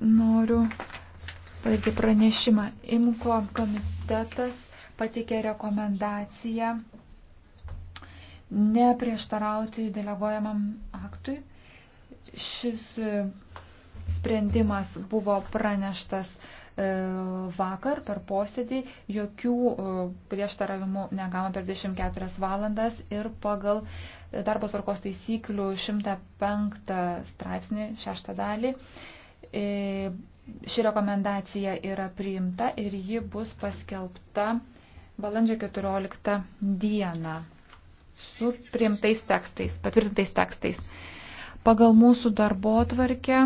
noriu padaryti pranešimą. Imko komitetas patikė rekomendaciją neprieštarauti deleguojamam aktui. Šis e, sprendimas buvo praneštas e, vakar per posėdį, jokių e, prieštaravimų negavome per 24 valandas ir pagal darbo tvarkos taisyklių 105 straipsnį, 6 dalį, E, ši rekomendacija yra priimta ir ji bus paskelbta balandžio 14 dieną su priimtais tekstais, patvirtintais tekstais. Pagal mūsų darbo tvarkę